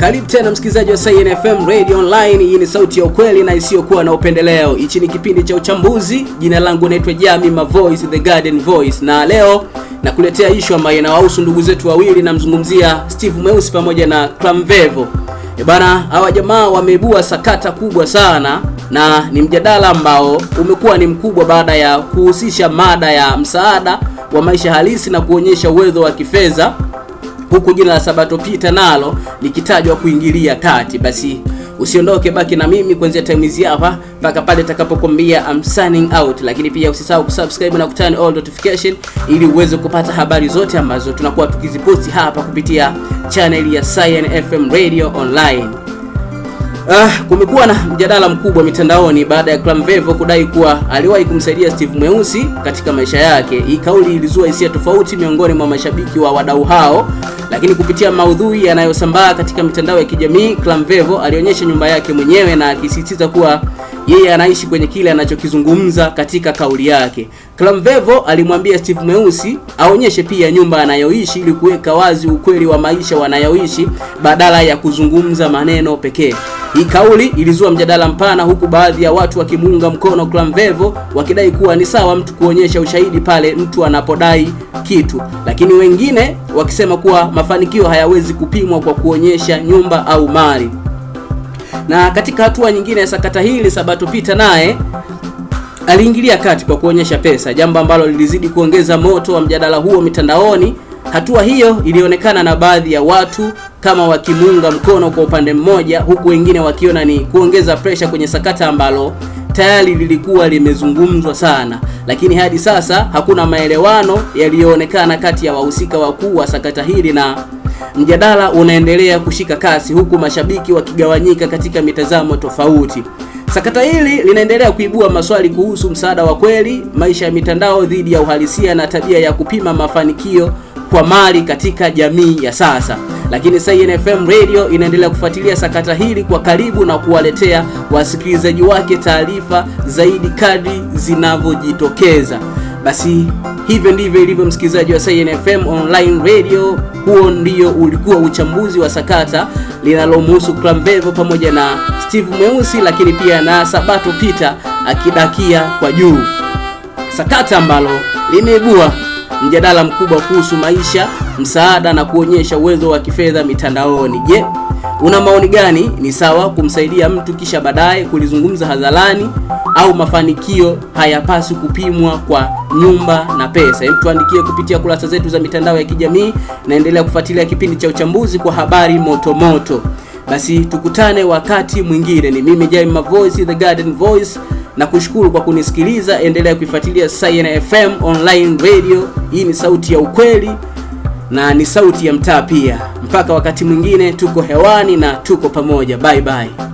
Karibu tena msikilizaji wa Sayin FM Radio Online. Hii ni sauti ya ukweli na isiyokuwa na upendeleo. Hichi ni kipindi cha uchambuzi. Jina langu naitwa Jami Ma Voice, The Garden Voice, na leo nakuletea ishu ambayo inawahusu ndugu zetu wawili. Namzungumzia Steve Mweusi pamoja na Clamvevo. E bana, hawa jamaa wameibua sakata kubwa sana na ni mjadala ambao umekuwa ni mkubwa baada ya kuhusisha mada ya msaada wa maisha halisi na kuonyesha uwezo wa kifedha huku jina la Sabato Peter nalo likitajwa kuingilia kati. Basi usiondoke, baki na mimi kuanzia time hizi hapa mpaka pale takapokuambia I'm signing out, lakini pia usisahau kusubscribe na kutani all notification ili uweze kupata habari zote ambazo tunakuwa tukiziposti hapa kupitia channel ya Cyan FM Radio Online. Uh, kumekuwa na mjadala mkubwa mitandaoni baada ya Clamvevo kudai kuwa aliwahi kumsaidia Steve Mweusi katika maisha yake. Hii kauli ilizua hisia tofauti miongoni mwa mashabiki wa wadau hao lakini kupitia maudhui yanayosambaa katika mitandao ya kijamii Clamvevo alionyesha nyumba yake mwenyewe na akisisitiza kuwa yeye anaishi kwenye kile anachokizungumza katika kauli yake. Clamvevo alimwambia Steve Mweusi aonyeshe pia nyumba anayoishi ili kuweka wazi ukweli wa maisha wanayoishi badala ya kuzungumza maneno pekee. Hii kauli ilizua mjadala mpana huku baadhi ya watu wakimuunga mkono Clamvevo wakidai kuwa ni sawa mtu kuonyesha ushahidi pale mtu anapodai kitu, lakini wengine wakisema kuwa mafanikio hayawezi kupimwa kwa kuonyesha nyumba au mali. Na katika hatua nyingine ya sakata hili, Sabato Peter naye aliingilia kati kwa kuonyesha pesa, jambo ambalo lilizidi kuongeza moto wa mjadala huo mitandaoni. Hatua hiyo ilionekana na baadhi ya watu kama wakimuunga mkono kwa upande mmoja, huku wengine wakiona ni kuongeza presha kwenye sakata ambalo tayari lilikuwa limezungumzwa sana, lakini hadi sasa hakuna maelewano yaliyoonekana kati ya wahusika wakuu wa sakata hili, na mjadala unaendelea kushika kasi, huku mashabiki wakigawanyika katika mitazamo tofauti. Sakata hili linaendelea kuibua maswali kuhusu msaada wa kweli, maisha ya mitandao dhidi ya uhalisia, na tabia ya kupima mafanikio kwa mali katika jamii ya sasa. Lakini Saiyan FM Radio inaendelea kufuatilia sakata hili kwa karibu na kuwaletea wasikilizaji wake taarifa zaidi kadri zinavyojitokeza. Basi hivyo ndivyo ilivyo, msikilizaji wa Saiyan FM online radio. Huo ndio ulikuwa uchambuzi wa sakata linalomhusu Clambevo pamoja na Steve Mweusi, lakini pia na Sabato Peter akidakia kwa juu, sakata ambalo limeibua mjadala mkubwa kuhusu maisha, msaada na kuonyesha uwezo wa kifedha mitandaoni. Je, una maoni gani? Ni sawa kumsaidia mtu kisha baadaye kulizungumza hadharani, au mafanikio hayapaswi kupimwa kwa nyumba na pesa? Hebu tuandikie kupitia kurasa zetu za mitandao ya kijamii. Naendelea kufuatilia kipindi cha uchambuzi kwa habari motomoto -moto. Basi tukutane wakati mwingine. Ni mimi Jaime Mavoice, the Garden Voice na kushukuru kwa kunisikiliza. Endelea kuifuatilia Science FM online radio. Hii ni sauti ya ukweli na ni sauti ya mtaa pia. Mpaka wakati mwingine, tuko hewani na tuko pamoja. Bye bye.